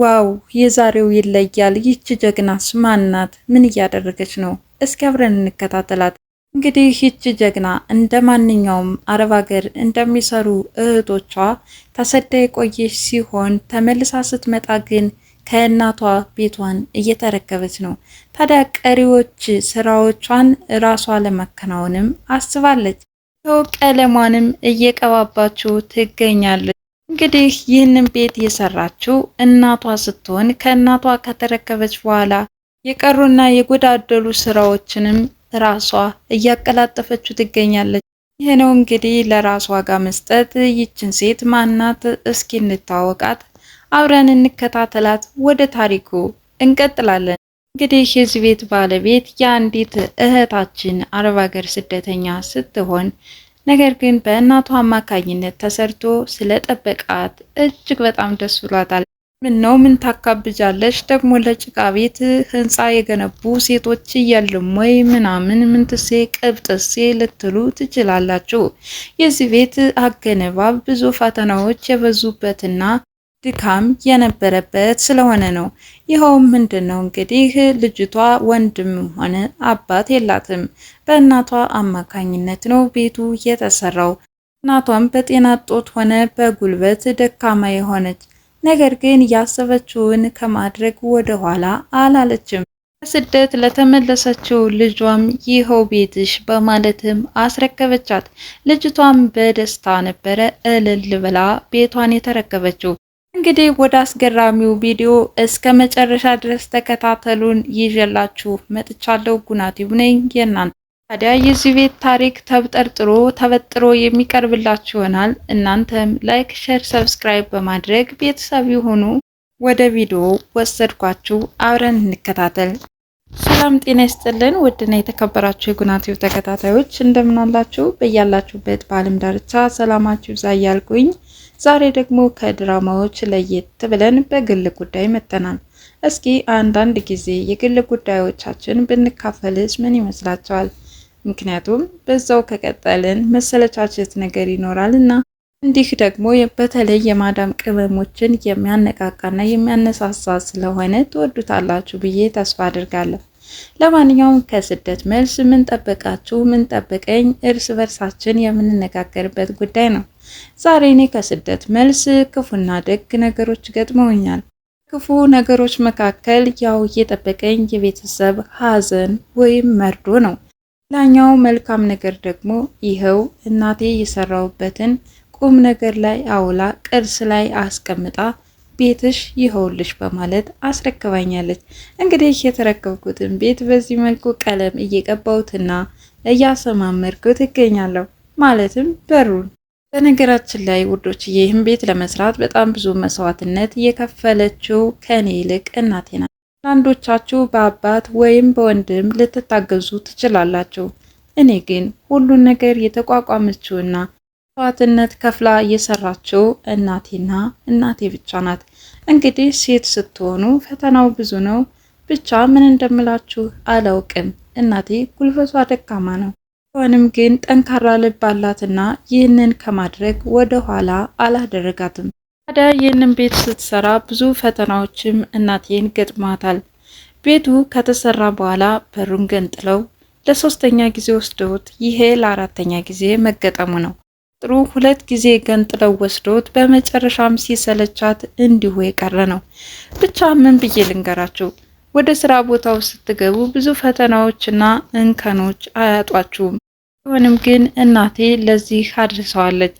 ዋው የዛሬው ይለያል። ይቺ ጀግናስ ማናት? ምን እያደረገች ነው? እስኪ አብረን እንከታተላት። እንግዲህ ይቺ ጀግና እንደ ማንኛውም አረብ ሀገር እንደሚሰሩ እህቶቿ ተሰዳ የቆየች ሲሆን ተመልሳ ስትመጣ ግን ከእናቷ ቤቷን እየተረከበች ነው። ታዲያ ቀሪዎች ስራዎቿን ራሷ ለማከናወንም አስባለች። ቀለሟንም እየቀባባችው ትገኛለች። እንግዲህ ይህንን ቤት የሰራችው እናቷ ስትሆን ከእናቷ ከተረከበች በኋላ የቀሩና የጎዳደሉ ስራዎችንም ራሷ እያቀላጠፈችው ትገኛለች። ይህ ነው እንግዲህ ለራሷ ዋጋ መስጠት። ይችን ሴት ማናት? እስኪ እንታወቃት፣ አብረን እንከታተላት። ወደ ታሪኩ እንቀጥላለን። እንግዲህ የዚህ ቤት ባለቤት የአንዲት እህታችን አረብ ሀገር ስደተኛ ስትሆን ነገር ግን በእናቷ አማካኝነት ተሰርቶ ስለጠበቃት እጅግ በጣም ደስ ብሏታል። ምን ነው ምን ታካብጃለሽ ደግሞ ለጭቃ ቤት ህንፃ የገነቡ ሴቶች እያሉም ወይ ምናምን ምንትሴ ቅብጥሴ ልትሉ ትችላላችሁ። የዚህ ቤት አገነባብ ብዙ ፈተናዎች የበዙበትና ድካም የነበረበት ስለሆነ ነው። ይኸውም ምንድን ነው እንግዲህ ልጅቷ ወንድም ሆነ አባት የላትም። በእናቷ አማካኝነት ነው ቤቱ የተሰራው። እናቷም በጤና ጦት ሆነ በጉልበት ደካማ የሆነች ነገር ግን ያሰበችውን ከማድረግ ወደ ኋላ አላለችም። ከስደት ለተመለሰችው ልጇም ይኸው ቤትሽ በማለትም አስረከበቻት። ልጅቷም በደስታ ነበረ እልል ብላ ቤቷን የተረከበችው። እንግዲህ ወደ አስገራሚው ቪዲዮ እስከ መጨረሻ ድረስ ተከታተሉን ይዤላችሁ መጥቻለሁ። ጉናቲው ነኝ የእናንተ ታዲያ የዚህ ቤት ታሪክ ተብጠርጥሮ ተበጥሮ የሚቀርብላችሁ ይሆናል። እናንተም ላይክ፣ ሸር፣ ሰብስክራይብ በማድረግ ቤተሰብ የሆኑ ወደ ቪዲዮ ወሰድኳችሁ፣ አብረን እንከታተል። ሰላም ጤና ይስጥልን። ውድና የተከበራችሁ የጉናቲው ተከታታዮች እንደምናላችሁ፣ በያላችሁበት በዓለም ዳርቻ ሰላማችሁ ይብዛ እያልኩኝ ዛሬ ደግሞ ከድራማዎች ለየት ብለን በግል ጉዳይ መጥተናል። እስኪ አንዳንድ ጊዜ የግል ጉዳዮቻችን ብንካፈልስ ምን ይመስላችኋል? ምክንያቱም በዛው ከቀጠልን መሰለቻችት ነገር ይኖራል እና እንዲህ ደግሞ በተለይ የማዳም ቅመሞችን የሚያነቃቃና የሚያነሳሳ ስለሆነ ትወዱታላችሁ ብዬ ተስፋ አድርጋለሁ። ለማንኛውም ከስደት መልስ ምን ጠበቃችሁ፣ ምን ጠበቀኝ እርስ በርሳችን የምንነጋገርበት ጉዳይ ነው። ዛሬ እኔ ከስደት መልስ ክፉና ደግ ነገሮች ገጥመውኛል። ክፉ ነገሮች መካከል ያው የጠበቀኝ የቤተሰብ ሐዘን ወይም መርዶ ነው። ላኛው መልካም ነገር ደግሞ ይኸው እናቴ የሰራውበትን ቁም ነገር ላይ አውላ ቅርስ ላይ አስቀምጣ ቤትሽ ይኸውልሽ በማለት አስረክባኛለች። እንግዲህ የተረከብኩትን ቤት በዚህ መልኩ ቀለም እየቀባሁትና እያሰማመርኩት እገኛለሁ። ማለትም በሩን በነገራችን ላይ ውዶች ይህን ቤት ለመስራት በጣም ብዙ መስዋዕትነት የከፈለችው ከኔ ይልቅ እናቴ ናት። አንዳንዶቻችሁ በአባት ወይም በወንድም ልትታገዙ ትችላላችሁ። እኔ ግን ሁሉን ነገር የተቋቋመችውና መስዋዕትነት ከፍላ የሰራችው እናቴና እናቴ ብቻ ናት። እንግዲህ ሴት ስትሆኑ ፈተናው ብዙ ነው። ብቻ ምን እንደምላችሁ አላውቅም። እናቴ ጉልበቷ ደካማ ነው። ቢሆንም ግን ጠንካራ ልብ አላትና ይህንን ከማድረግ ወደ ኋላ አላደረጋትም። ታዲያ ይህንን ቤት ስትሰራ ብዙ ፈተናዎችም እናቴን ገጥሟታል። ቤቱ ከተሰራ በኋላ በሩን ገንጥለው ለሶስተኛ ጊዜ ወስደውት ይሄ ለአራተኛ ጊዜ መገጠሙ ነው። ጥሩ ሁለት ጊዜ ገንጥለው ወስዶት በመጨረሻም ሲሰለቻት እንዲሁ የቀረ ነው። ብቻ ምን ብዬ ልንገራችሁ ወደ ስራ ቦታው ስትገቡ ብዙ ፈተናዎችና እንከኖች አያጧችሁም። ቢሆንም ግን እናቴ ለዚህ አድርሰዋለች።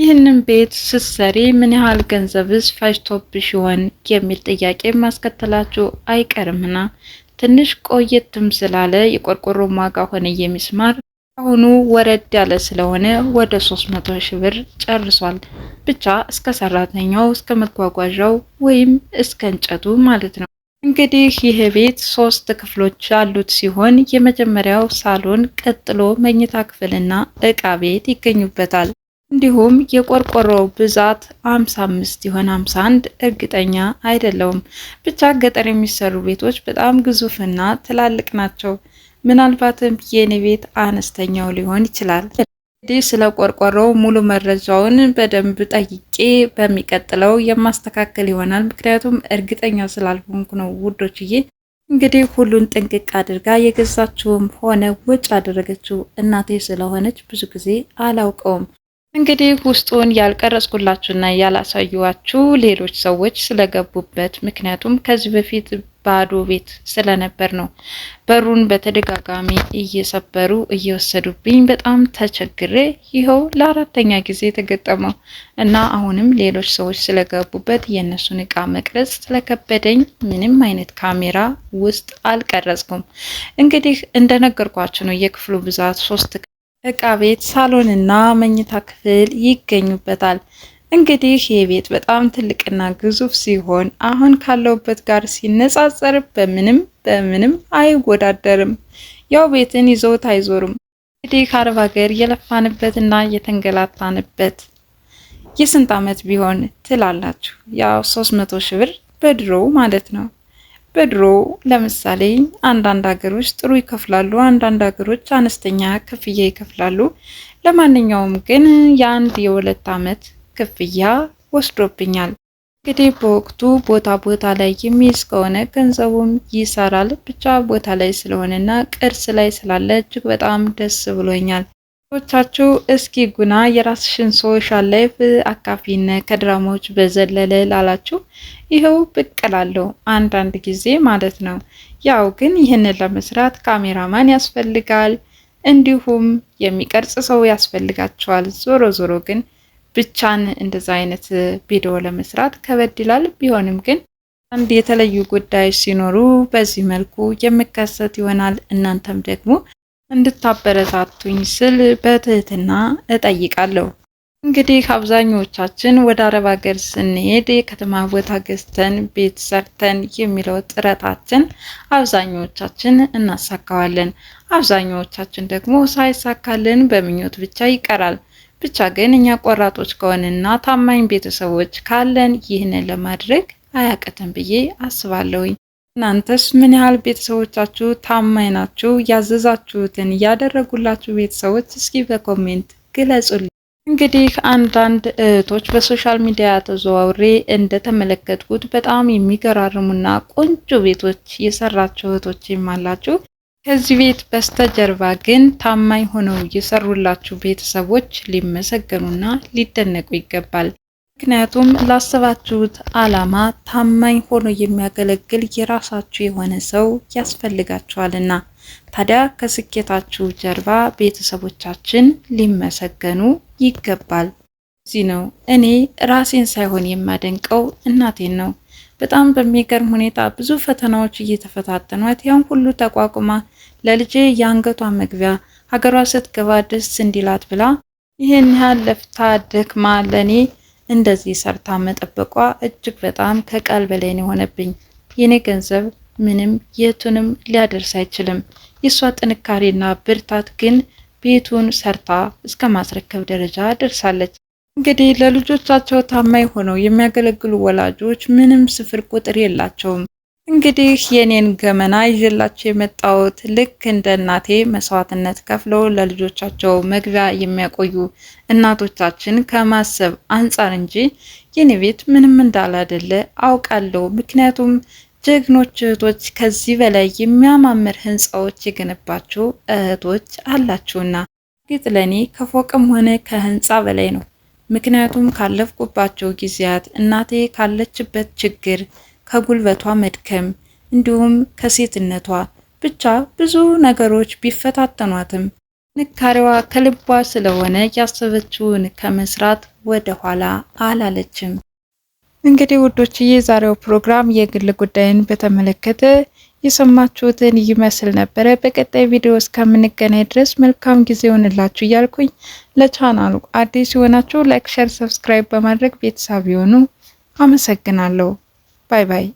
ይህንን ቤት ስትሰሪ ምን ያህል ገንዘብስ ፈጅቶብሽ ይሆን የሚል ጥያቄ ማስከተላችሁ አይቀርምና ትንሽ ቆየትም ስላለ የቆርቆሮ ዋጋ ሆነ የሚስማር አሁኑ ወረድ ያለ ስለሆነ ወደ 300 ሺህ ብር ጨርሷል። ብቻ እስከ ሰራተኛው እስከ መጓጓዣው ወይም እስከ እንጨቱ ማለት ነው። እንግዲህ ይሄ ቤት ሶስት ክፍሎች ያሉት ሲሆን የመጀመሪያው ሳሎን፣ ቀጥሎ መኝታ ክፍልና እቃ ቤት ይገኙበታል። እንዲሁም የቆርቆሮው ብዛት 55 ይሆን 51 እርግጠኛ አይደለውም። ብቻ ገጠር የሚሰሩ ቤቶች በጣም ግዙፍና ትላልቅ ናቸው። ምናልባትም የኔ ቤት አነስተኛው ሊሆን ይችላል። እንግዲህ ስለ ሙሉ መረጃውን በደንብ ጠይቄ በሚቀጥለው የማስተካከል ይሆናል። ምክንያቱም እርግጠኛ ስላልሆንኩ ነው ውዶችዬ። እንግዲህ ሁሉን ጥንቅቅ አድርጋ የገዛችውም ሆነ ውጭ አደረገችው እናቴ ስለሆነች ብዙ ጊዜ አላውቀውም። እንግዲህ ውስጡን ያልቀረጽኩላችሁና ያላሳዩዋችሁ ሌሎች ሰዎች ስለገቡበት፣ ምክንያቱም ከዚህ በፊት ባዶ ቤት ስለነበር ነው። በሩን በተደጋጋሚ እየሰበሩ እየወሰዱብኝ በጣም ተቸግሬ ይኸው ለአራተኛ ጊዜ ተገጠመው እና አሁንም ሌሎች ሰዎች ስለገቡበት የእነሱን እቃ መቅረጽ ስለከበደኝ ምንም አይነት ካሜራ ውስጥ አልቀረጽኩም። እንግዲህ እንደነገርኳችሁ ነው የክፍሉ ብዛት ሶስት እቃ ቤት፣ ሳሎንና መኝታ ክፍል ይገኙበታል። እንግዲህ ይህ ቤት በጣም ትልቅና ግዙፍ ሲሆን አሁን ካለውበት ጋር ሲነጻጸር በምንም በምንም አይወዳደርም። ያው ቤትን ይዘውት አይዞርም። እንግዲህ ከአረብ ሀገር የለፋንበትና የተንገላታንበት የስንት ዓመት ቢሆን ትላላችሁ? ያው 300 ሺህ ብር በድሮው ማለት ነው። በድሮ ለምሳሌ አንዳንድ ሀገሮች ጥሩ ይከፍላሉ፣ አንዳንድ ሀገሮች አነስተኛ ክፍያ ይከፍላሉ። ለማንኛውም ግን የአንድ የሁለት ዓመት ክፍያ ወስዶብኛል። እንግዲህ በወቅቱ ቦታ ቦታ ላይ የሚይዝ ከሆነ ገንዘቡም ይሰራል። ብቻ ቦታ ላይ ስለሆነና ቅርስ ላይ ስላለ እጅግ በጣም ደስ ብሎኛል። ቻችሁ እስኪ ጉና የራስሽን ሶሻል ላይፍ አካፊነ ከድራማዎች በዘለለ ላላችሁ ይኸው ብቅ እላለሁ አንዳንድ ጊዜ ማለት ነው። ያው ግን ይህንን ለመስራት ካሜራማን ያስፈልጋል፣ እንዲሁም የሚቀርጽ ሰው ያስፈልጋቸዋል። ዞሮ ዞሮ ግን ብቻን እንደዛ አይነት ቪዲዮ ለመስራት ከበድ ይላል። ቢሆንም ግን አንድ የተለዩ ጉዳዮች ሲኖሩ በዚህ መልኩ የምከሰት ይሆናል። እናንተም ደግሞ እንድታበረታቱኝ ስል በትህትና እጠይቃለሁ። እንግዲህ አብዛኞቻችን ወደ አረብ ሀገር ስንሄድ የከተማ ቦታ ገዝተን ቤት ሰርተን የሚለው ጥረታችን አብዛኞቻችን እናሳካዋለን። አብዛኞቻችን ደግሞ ሳይሳካልን በምኞት ብቻ ይቀራል። ብቻ ግን እኛ ቆራጦች ከሆንና ታማኝ ቤተሰቦች ካለን ይህንን ለማድረግ አያቅትም ብዬ አስባለሁኝ። እናንተስ ምን ያህል ቤተሰቦቻችሁ ታማኝ ናችሁ? ያዘዛችሁትን ያደረጉላችሁ ቤተሰቦች እስኪ በኮሜንት ግለጹልኝ። እንግዲህ አንዳንድ እህቶች በሶሻል ሚዲያ ተዘዋውሬ እንደተመለከትኩት በጣም የሚገራርሙና ቆንጆ ቤቶች የሰራችሁ እህቶችም አላችሁ። ከዚህ ቤት በስተጀርባ ግን ታማኝ ሆነው የሰሩላችሁ ቤተሰቦች ሊመሰገኑና ሊደነቁ ይገባል። ምክንያቱም ላሰባችሁት ዓላማ ታማኝ ሆኖ የሚያገለግል የራሳችሁ የሆነ ሰው ያስፈልጋችኋልና። ታዲያ ከስኬታችሁ ጀርባ ቤተሰቦቻችን ሊመሰገኑ ይገባል። እዚህ ነው እኔ ራሴን ሳይሆን የማደንቀው እናቴን ነው። በጣም በሚገርም ሁኔታ ብዙ ፈተናዎች እየተፈታተኗት ያን ሁሉ ተቋቁማ ለልጄ የአንገቷ መግቢያ ሀገሯ ስትገባ ደስ እንዲላት ብላ ይህን ያህል ለፍታ ደክማ ለእኔ እንደዚህ ሰርታ መጠበቋ እጅግ በጣም ከቃል በላይ ነው የሆነብኝ። የኔ ገንዘብ ምንም የቱንም ሊያደርስ አይችልም። የእሷ ጥንካሬና ብርታት ግን ቤቱን ሰርታ እስከ ማስረከብ ደረጃ ደርሳለች። እንግዲህ ለልጆቻቸው ታማኝ ሆነው የሚያገለግሉ ወላጆች ምንም ስፍር ቁጥር የላቸውም። እንግዲህ የኔን ገመና ይዤላቸው የመጣሁት ልክ እንደ እናቴ መስዋዕትነት ከፍለው ለልጆቻቸው መግቢያ የሚያቆዩ እናቶቻችን ከማሰብ አንጻር እንጂ የኔ ቤት ምንም እንዳላደለ አውቃለሁ። ምክንያቱም ጀግኖች እህቶች ከዚህ በላይ የሚያማምር ህንፃዎች የገነባቸው እህቶች አላችሁና፣ ግጥ ለእኔ ከፎቅም ሆነ ከህንፃ በላይ ነው። ምክንያቱም ካለፍኩባቸው ጊዜያት እናቴ ካለችበት ችግር ከጉልበቷ መድከም እንዲሁም ከሴትነቷ ብቻ ብዙ ነገሮች ቢፈታተኗትም ንካሪዋ ከልቧ ስለሆነ ያሰበችውን ከመስራት ወደ ኋላ አላለችም። እንግዲህ ውዶች የዛሬው ፕሮግራም የግል ጉዳይን በተመለከተ የሰማችሁትን ይመስል ነበረ። በቀጣይ ቪዲዮ እስከምንገናኝ ድረስ መልካም ጊዜ ሆንላችሁ እያልኩኝ ለቻናሉ አዲስ የሆናችሁ ላይክ፣ ሸር፣ ሰብስክራይብ በማድረግ ቤተሰብ የሆኑ አመሰግናለሁ። Bye bye.